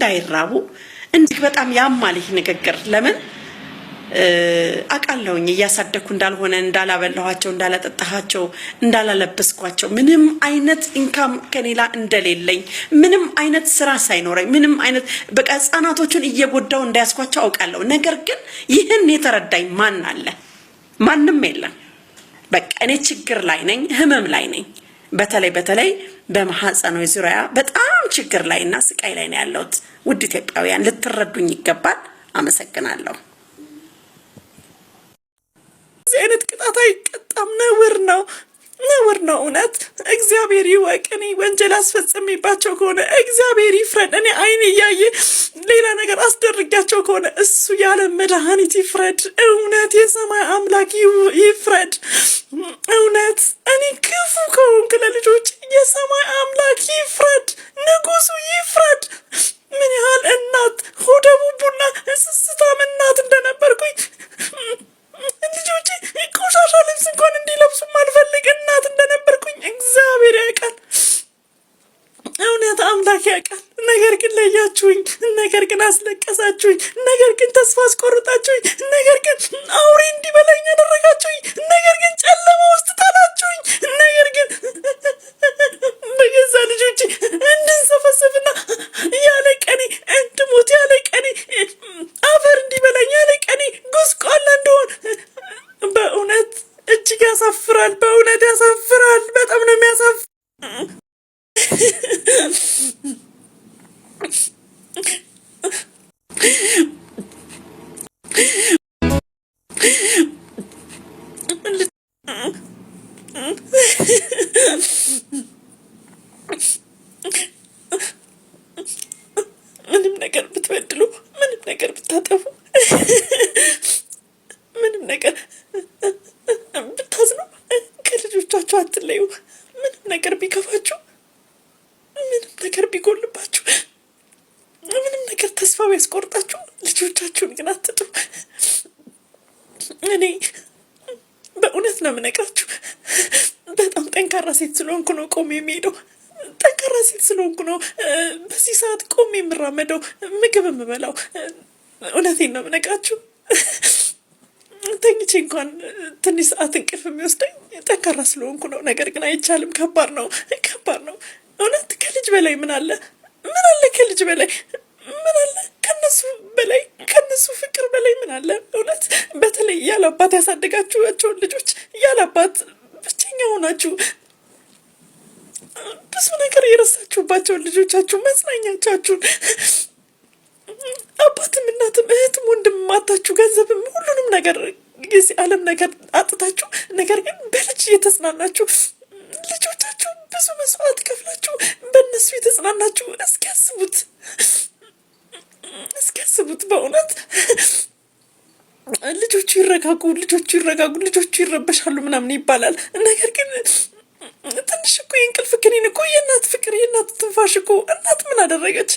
እንዳይራቡ እንዲህ በጣም ያማል ይህ ንግግር። ለምን አቃለውኝ እያሳደግኩ እንዳልሆነ እንዳላበላኋቸው፣ እንዳላጠጣኋቸው፣ እንዳላለበስኳቸው ምንም አይነት ኢንካም ከሌላ እንደሌለኝ ምንም አይነት ስራ ሳይኖረኝ ምንም አይነት በቃ ህጻናቶቹን እየጎዳው እንዳያስኳቸው አውቃለሁ። ነገር ግን ይህን የተረዳኝ ማን አለ? ማንም የለም። በቃ እኔ ችግር ላይ ነኝ፣ ህመም ላይ ነኝ። በተለይ በተለይ በማህፀኖ ዙሪያ በጣም ችግር ላይ እና ስቃይ ላይ ነው ያለሁት። ውድ ኢትዮጵያውያን ልትረዱኝ ይገባል። አመሰግናለሁ። እዚህ አይነት ቅጣት አይቀጣም፣ ነውር ነው። ነውር ነው። እውነት እግዚአብሔር ይወቅ። እኔ ወንጀል አስፈጸሚባቸው ከሆነ እግዚአብሔር ይፍረድ። እኔ አይን እያየ ሌላ ነገር አስደርጊያቸው ከሆነ እሱ ያለ መድኃኒት ይፍረድ። እውነት የሰማይ አምላክ ይፍረድ። እውነት እኔ ክፉ ከሆንክ ለልጆች የሰማይ አምላክ ይፍረድ። ንጉሱ ይፍረድ። drink ብታጠፉ ምንም ነገር ብታዝኑ ከልጆቻችሁ አትለዩ። ምንም ነገር ቢከፋችሁ፣ ምንም ነገር ቢጎልባችሁ፣ ምንም ነገር ተስፋ ቢያስቆርጣችሁ ልጆቻችሁን ግን አትጡ። እኔ በእውነት ነው የምነግራችሁ። በጣም ጠንካራ ሴት ስለሆንኩ ነው ቆሜ የሚሄደው። ጠንካራ ሴት ስለሆንኩ ነው በዚህ ሰዓት ቆሜ የምራመደው፣ ምግብ የምበላው እውነቴን ነው የምነግራችሁ። ተኝቼ እንኳን ትንሽ ሰዓት እንቅልፍ የሚወስደኝ ጠንካራ ስለሆንኩ ነው። ነገር ግን አይቻልም። ከባድ ነው፣ ከባድ ነው። እውነት ከልጅ በላይ ምን አለ? ምን አለ? ከልጅ በላይ ምን አለ? ከነሱ በላይ ከነሱ ፍቅር በላይ ምን አለ? እውነት በተለይ ያለ አባት ያሳደጋችኋቸውን ልጆች ያለ አባት ብቸኛ ሆናችሁ ብዙ ነገር የረሳችሁባቸውን ልጆቻችሁ መጽናኛቻችሁን እናትም እህትም ወንድም አታችሁ ገንዘብም ሁሉንም ነገር ጊዜ ዓለም ነገር አጥታችሁ ነገር ግን በልጅ እየተጽናናችሁ ልጆቻችሁ ብዙ መስዋዕት ከፍላችሁ በእነሱ የተጽናናችሁ እስኪያስቡት እስኪያስቡት በእውነት ልጆቹ ይረጋጉ፣ ልጆቹ ይረጋጉ፣ ልጆቹ ይረበሻሉ ምናምን ይባላል። ነገር ግን ትንሽ እኮ የእንቅልፍ ክኒን እኮ የእናት ፍቅር የእናት ትንፋሽ እኮ እናት ምን አደረገች?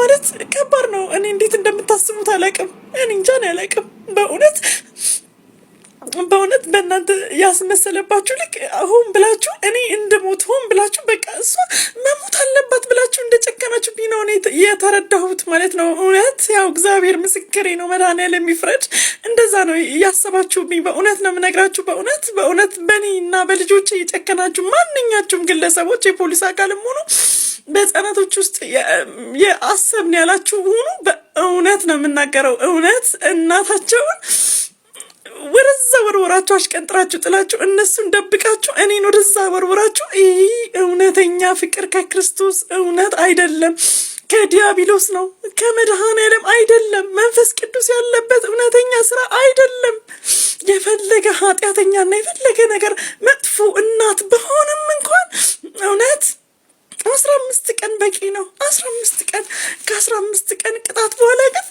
ማለት ከባድ ነው። እኔ እንዴት እንደምታስቡት አላውቅም። እኔ እንጃን አላውቅም በእውነት በእውነት በእናንተ ያስመሰለባችሁ ልክ ሆን ብላችሁ እኔ እንድሞት ሆን ብላችሁ በቃ እሷ መሞት አለባት ብላችሁ እንደጨከናችሁ ቢነው የተረዳሁት ማለት ነው። እውነት ያው እግዚአብሔር ምስክሬ ነው፣ መድኃኒዓለም የሚፍረድ እንደዛ ነው ያሰባችሁብኝ። በእውነት ነው የምነግራችሁ። በእውነት በእውነት በእኔ እና በልጆች የጨከናችሁ ማንኛችሁም ግለሰቦች የፖሊስ አካልም ሆኑ በህፃናቶች ውስጥ የአሰብን ያላችሁ ሆኑ በእውነት ነው የምናገረው። እውነት እናታቸውን ወደዛ ወርወራችሁ አሽቀንጥራችሁ ጥላችሁ እነሱን ደብቃችሁ እኔን ወደዛ ወርወራችሁ። ይህ እውነተኛ ፍቅር ከክርስቶስ እውነት አይደለም፣ ከዲያብሎስ ነው። ከመድኃኔዓለም አይደለም። መንፈስ ቅዱስ ያለበት እውነተኛ ስራ አይደለም። የፈለገ ኃጢአተኛና የፈለገ ነገር መጥፎ እናት በሆንም እንኳን እውነት አስራ አምስት ቀን በቂ ነው። አስራ አምስት ቀን ከአስራ አምስት ቀን ቅጣት በኋላ ግን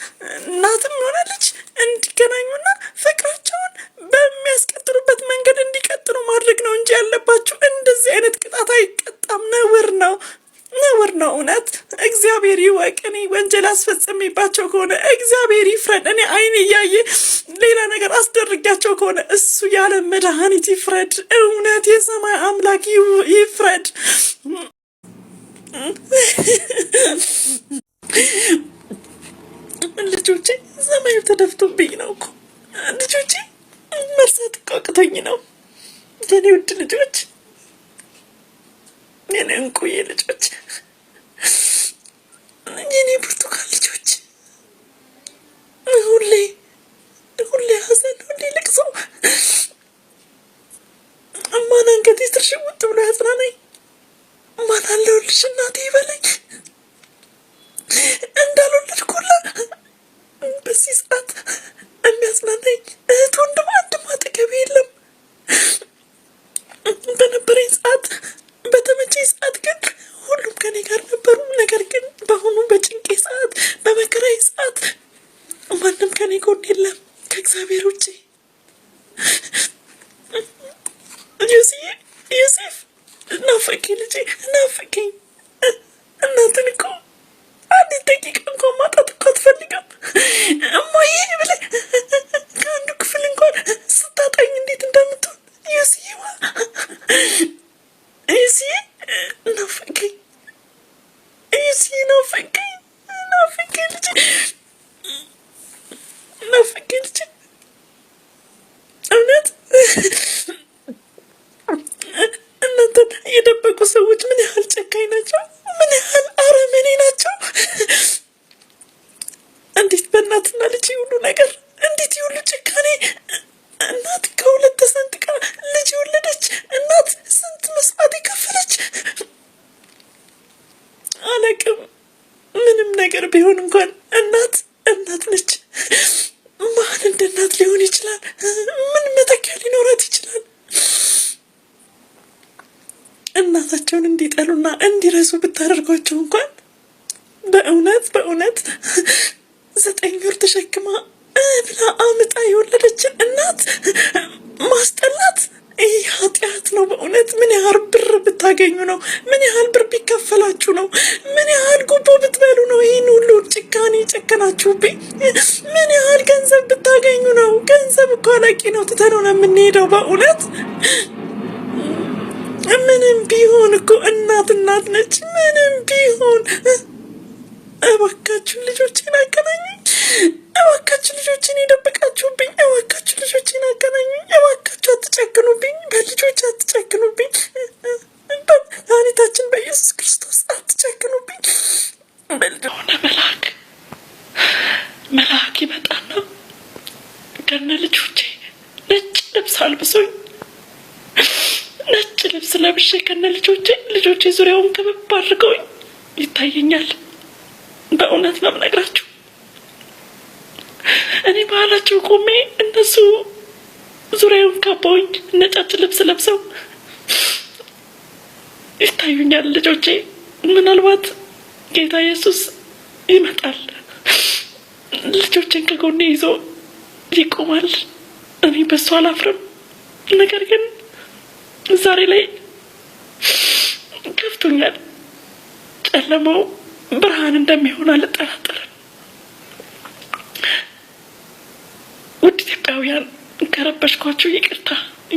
እናትም ሆነ ልጅ እንዲገናኙና ፍቅራቸውን በሚያስቀጥሉበት መንገድ እንዲቀጥሉ ማድረግ ነው እንጂ ያለባችሁ እንደዚህ አይነት ቅጣት አይቀጣም። ነውር ነው ነውር ነው። እውነት እግዚአብሔር ይወቅ። እኔ ወንጀል አስፈጸሚባቸው ከሆነ እግዚአብሔር ይፍረድ። እኔ አይን እያየ ሌላ ነገር አስደርጋቸው ከሆነ እሱ ያለ መድኃኒት ይፍረድ። እውነት የሰማይ አምላክ ይፍ ያደረጓቸው እንኳን በእውነት በእውነት ዘጠኝ ወር ተሸክማ ብላ አምጣ የወለደችን እናት ማስጠላት ይህ ኃጢአት ነው። በእውነት ምን ያህል ብር ብታገኙ ነው? ምን ያህል ብር ቢከፈላችሁ ነው? ምን ያህል ጉቦ ብትበሉ ነው? ይህን ሁሉ ጭካኔ ጨከናችሁብኝ። ምን ያህል ገንዘብ ብታገኙ ነው? ገንዘብ እኮ አላቂ ነው። ትተነው ነው የምንሄደው በእውነት ምንም ቢሆን እኮ እናት እናት ነች። ምንም ቢሆን እጆቼ ዙሪያውን ከበብ አድርገውኝ ይታየኛል። በእውነት ነው የምነግራችሁ። እኔ ባህላቸው ቆሜ እነሱ ዙሪያውን ካባውኝ ነጫጭ ልብስ ለብሰው ይታዩኛል ልጆቼ። ምናልባት ጌታ ኢየሱስ ይመጣል፣ ልጆቼን ከጎኔ ይዞ ይቆማል። እኔ በሱ አላፍርም። ነገር ግን ዛሬ ላይ ከፍቶኛል። ጨለማው ብርሃን እንደሚሆን አልጠራጠርም። ውድ ኢትዮጵያውያን ከረበሽኳችሁ ይቅርታ።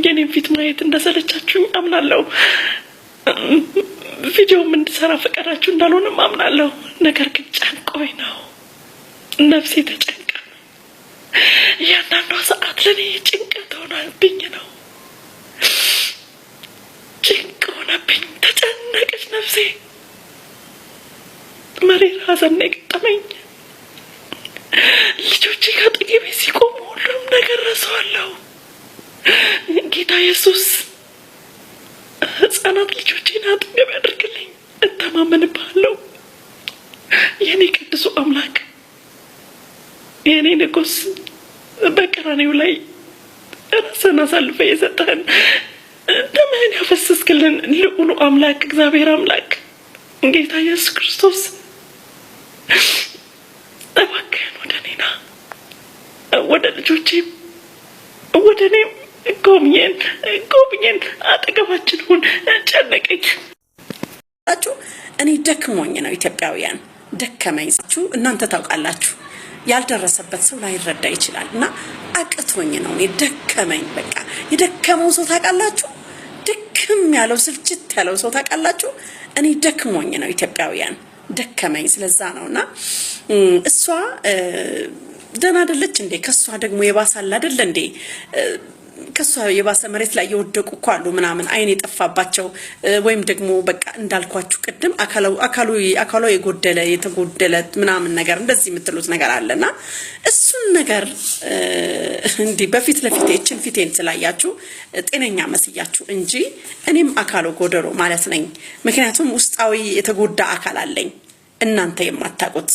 የኔን ፊት ማየት እንደሰለቻችሁኝ አምናለሁ። ቪዲዮም እንድሰራ ፈቀዳችሁ እንዳልሆንም አምናለሁ። ነገር ግን ጨንቆኝ ነው፣ ነፍሴ ተጨንቃ ነው። እያንዳንዷ ሰዓት ለእኔ ጭንቀት ብኝ ነው። ሆነብኝ። ተጨነቀች ነፍሴ። መሪር ሐዘን ነው የገጠመኝ። ልጆቼ ከአጠገቤ ሲቆሙ ሁሉንም ነገር ረሳዋለሁ። ጌታ ኢየሱስ ሕጻናት ልጆቼን አጠገብ ያደርግልኝ። እተማመንብሃለሁ የእኔ ቅዱሱ አምላክ የእኔ ንጉሥ በቀራኔው ላይ ራስን አሳልፈ የሰጠህን ደምህን ያፈሰስክልን ልዑሉ አምላክ እግዚአብሔር አምላክ ጌታ ኢየሱስ ክርስቶስ እባክህን ወደ እኔና ወደ ልጆቼም ወደ እኔም ጎብኘን፣ አጠገባችን ሁን። ጨነቀኝ ችሁ እኔ ደክሞኝ ነው ኢትዮጵያውያን ደከመኝ ሳችሁ እናንተ ታውቃላችሁ። ያልደረሰበት ሰው ላይረዳ ይችላል እና አቅቶኝ ነው እኔ ደከመኝ። በቃ የደከመው ሰው ታውቃላችሁ ድክም ያለው ስልችት ያለው ሰው ታውቃላችሁ። እኔ ደክሞኝ ነው ኢትዮጵያውያን ደከመኝ። ስለዛ ነው እና እሷ ደህና አይደለች እንዴ? ከእሷ ደግሞ የባሳል አለ አይደለ እንዴ? ከሷ የባሰ መሬት ላይ የወደቁ እኮ አሉ ምናምን አይን የጠፋባቸው ወይም ደግሞ በቃ እንዳልኳችሁ ቅድም አካሉ የጎደለ የተጎደለ ምናምን ነገር እንደዚህ የምትሉት ነገር አለና እሱን ነገር እንዲህ በፊት ለፊት ይችን ፊቴን ስላያችሁ ጤነኛ መስያችሁ እንጂ እኔም አካሎ ጎደሎ ማለት ነኝ። ምክንያቱም ውስጣዊ የተጎዳ አካል አለኝ እናንተ የማታውቁት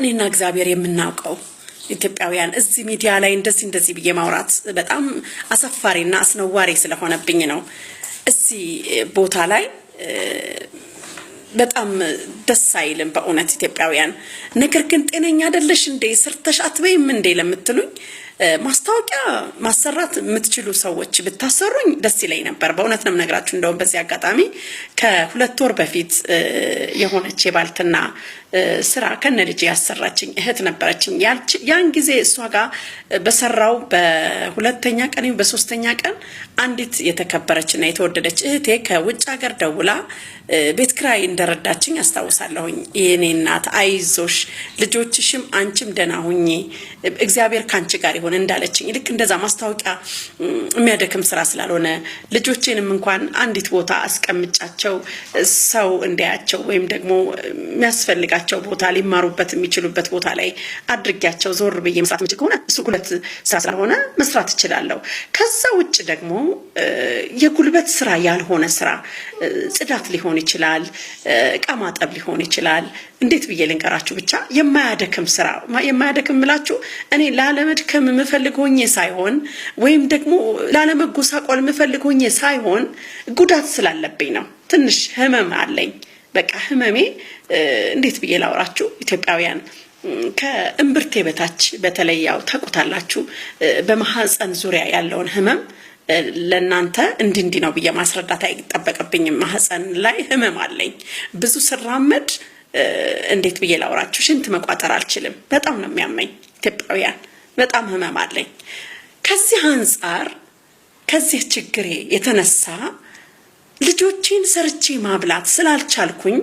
እኔና እግዚአብሔር የምናውቀው ኢትዮጵያውያን እዚህ ሚዲያ ላይ እንደዚህ እንደዚህ ብዬ ማውራት በጣም አሳፋሪና አስነዋሪ ስለሆነብኝ ነው። እዚህ ቦታ ላይ በጣም ደስ አይልም በእውነት ኢትዮጵያውያን። ነገር ግን ጤነኛ አይደለሽ እንዴ ስርተሽ አትበይም እንዴ ለምትሉኝ ማስታወቂያ ማሰራት የምትችሉ ሰዎች ብታሰሩኝ ደስ ይለኝ ነበር። በእውነት ነው የምነግራችሁ። እንደውም በዚህ አጋጣሚ ከሁለት ወር በፊት የሆነች የባልትና ስራ ከነ ልጅ ያሰራችኝ እህት ነበረችኝ። ያን ጊዜ እሷ ጋር በሰራው በሁለተኛ ቀን በሶስተኛ ቀን አንዲት የተከበረችና የተወደደች እህቴ ከውጭ ሀገር ደውላ ቤት ክራይ እንደረዳችኝ አስታውሳለሁኝ። የኔ እናት አይዞሽ፣ ልጆችሽም አንቺም ደህና ሁኚ፣ እግዚአብሔር ከአንቺ ጋር ይሆን ስላልሆነ እንዳለችኝ ልክ እንደዛ ማስታወቂያ የሚያደክም ስራ ስላልሆነ ልጆቼንም እንኳን አንዲት ቦታ አስቀምጫቸው ሰው እንዳያቸው ወይም ደግሞ የሚያስፈልጋቸው ቦታ ሊማሩበት የሚችሉበት ቦታ ላይ አድርጊያቸው ዞር ብዬ መስራት ምችል ከሆነ እሱ ሁለት ስራ ስላልሆነ መስራት እችላለሁ። ከዛ ውጭ ደግሞ የጉልበት ስራ ያልሆነ ስራ ጽዳት ሊሆን ይችላል፣ እቃ ማጠብ ሊሆን ይችላል እንዴት ብዬ ልንገራችሁ፣ ብቻ የማያደክም ስራ የማያደክም ምላችሁ እኔ ላለመድከም የምፈልግ ሆኜ ሳይሆን ወይም ደግሞ ላለመጎሳቆል የምፈልግ ሆኜ ሳይሆን ጉዳት ስላለብኝ ነው። ትንሽ ህመም አለኝ። በቃ ህመሜ እንዴት ብዬ ላውራችሁ ኢትዮጵያውያን ከእምብርቴ በታች በተለይ ያው ታውቁታላችሁ፣ በማህፀን ዙሪያ ያለውን ህመም ለእናንተ እንዲህ እንዲህ ነው ብዬ ማስረዳት አይጠበቅብኝም። ማህፀን ላይ ህመም አለኝ ብዙ ስራመድ እንዴት ብዬ ላውራችሁ፣ ሽንት መቋጠር አልችልም። በጣም ነው የሚያመኝ። ኢትዮጵያውያን በጣም ህመም አለኝ። ከዚህ አንጻር ከዚህ ችግሬ የተነሳ ልጆቼን ሰርቼ ማብላት ስላልቻልኩኝ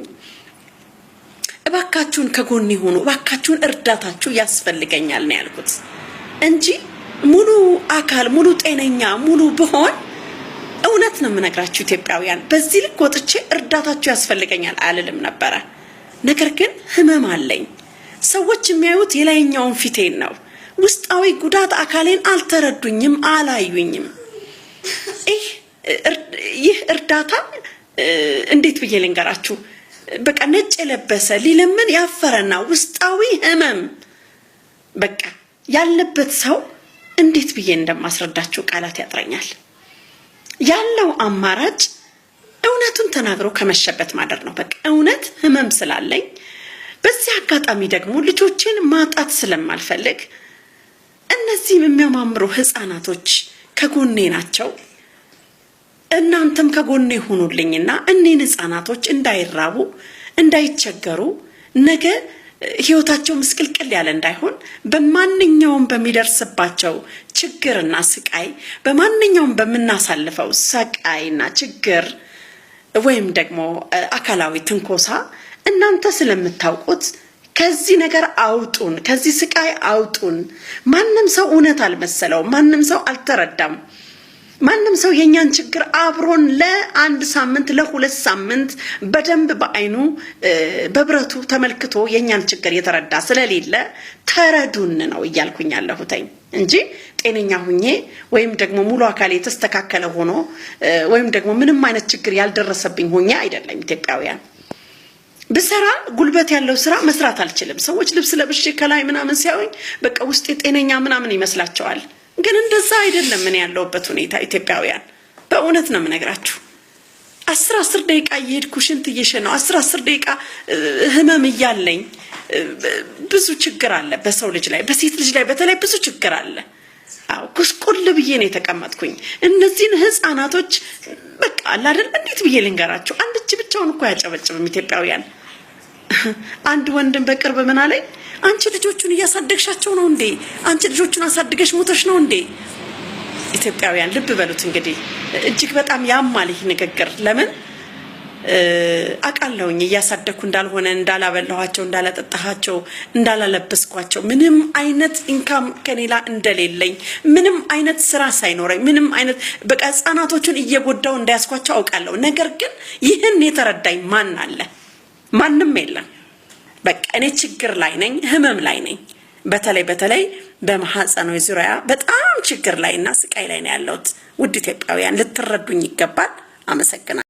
እባካችሁን ከጎን የሆኑ እባካችሁን እርዳታችሁ ያስፈልገኛል ነው ያልኩት እንጂ ሙሉ አካል ሙሉ ጤነኛ ሙሉ ብሆን እውነት ነው የምነግራችሁ ኢትዮጵያውያን፣ በዚህ ልክ ወጥቼ እርዳታችሁ ያስፈልገኛል አልልም ነበረ። ነገር ግን ህመም አለኝ። ሰዎች የሚያዩት የላይኛውን ፊቴን ነው። ውስጣዊ ጉዳት አካሌን አልተረዱኝም፣ አላዩኝም። ይህ እርዳታ እንዴት ብዬ ልንገራችሁ? በቃ ነጭ የለበሰ ሊለምን ያፈረና ውስጣዊ ህመም በቃ ያለበት ሰው እንዴት ብዬ እንደማስረዳችሁ ቃላት ያጥረኛል። ያለው አማራጭ እውነቱን ተናግሮ ከመሸበት ማደር ነው። በቃ እውነት ህመም ስላለኝ በዚህ አጋጣሚ ደግሞ ልጆችን ማጣት ስለማልፈልግ እነዚህም የሚያማምሩ ህፃናቶች ከጎኔ ናቸው። እናንተም ከጎኔ ሆኑልኝና እኔን ህፃናቶች እንዳይራቡ እንዳይቸገሩ ነገ ህይወታቸው ምስቅልቅል ያለ እንዳይሆን በማንኛውም በሚደርስባቸው ችግርና ስቃይ በማንኛውም በምናሳልፈው ሰቃይና ችግር ወይም ደግሞ አካላዊ ትንኮሳ እናንተ ስለምታውቁት ከዚህ ነገር አውጡን፣ ከዚህ ስቃይ አውጡን። ማንም ሰው እውነት አልመሰለውም። ማንም ሰው አልተረዳም። ማንም ሰው የእኛን ችግር አብሮን ለአንድ ሳምንት ለሁለት ሳምንት በደንብ በአይኑ በብረቱ ተመልክቶ የእኛን ችግር የተረዳ ስለሌለ ተረዱን ነው እያልኩኝ ያለሁተኝ እንጂ ጤነኛ ሁኜ ወይም ደግሞ ሙሉ አካል የተስተካከለ ሆኖ ወይም ደግሞ ምንም አይነት ችግር ያልደረሰብኝ ሆኜ አይደለም። ኢትዮጵያውያን ብሰራ ጉልበት ያለው ስራ መስራት አልችልም። ሰዎች ልብስ ለብሼ ከላይ ምናምን ሲያዩኝ በቃ ውስጤ ጤነኛ ምናምን ይመስላቸዋል። ግን እንደዛ አይደለም። ምን ያለውበት ሁኔታ ኢትዮጵያውያን በእውነት ነው የምነግራችሁ። አስር አስር ደቂቃ እየሄድኩ ሽንት እየሸናው አስር አስር ደቂቃ ህመም እያለኝ ብዙ ችግር አለ በሰው ልጅ ላይ በሴት ልጅ ላይ በተለይ ብዙ ችግር አለ። አዎ ኩሽቁል ብዬ ነው የተቀመጥኩኝ። እነዚህን ህፃናቶች በቃ አለ እንዴት ብዬ ልንገራቸው? አንድ እጅ ብቻውን እኮ አያጨበጭብም ኢትዮጵያውያን። አንድ ወንድም በቅርብ ምን አለኝ አንቺ ልጆቹን እያሳደግሻቸው ነው እንዴ? አንቺ ልጆቹን አሳድገሽ ሞተሽ ነው እንዴ? ኢትዮጵያውያን ልብ በሉት። እንግዲህ እጅግ በጣም ያማል ይህ ንግግር። ለምን አቃለውኝ እያሳደግኩ እንዳልሆነ፣ እንዳላበላኋቸው፣ እንዳላጠጣኋቸው፣ እንዳላለበስኳቸው፣ ምንም አይነት ኢንካም ከሌላ እንደሌለኝ፣ ምንም አይነት ስራ ሳይኖረኝ፣ ምንም አይነት በቃ ህጻናቶቹን እየጎዳው እንዳያስኳቸው አውቃለሁ። ነገር ግን ይህን የተረዳኝ ማን አለ? ማንም የለም። በቃ እኔ ችግር ላይ ነኝ፣ ህመም ላይ ነኝ። በተለይ በተለይ በማህፀኖ ዙሪያ በጣም ችግር ላይ እና ስቃይ ላይ ነው ያለሁት። ውድ ኢትዮጵያውያን ልትረዱኝ ይገባል። አመሰግናል